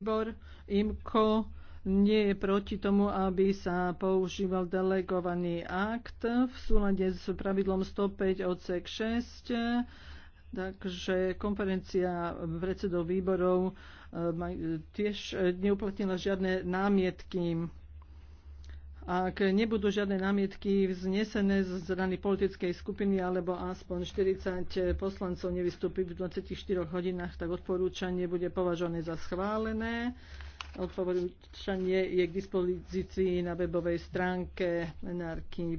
Výbor IMKO nie je proti tomu, aby sa používal delegovaný akt v súlade s pravidlom 105 odsek 6. Takže konferencia predsedov výborov eh, tiež neuplatnila žiadne námietky ak nebudú žiadne námietky vznesené z strany politickej skupiny alebo aspoň 40 poslancov nevystúpi v 24 hodinách, tak odporúčanie bude považované za schválené. Odporúčanie je k dispozícii na webovej stránke NRK.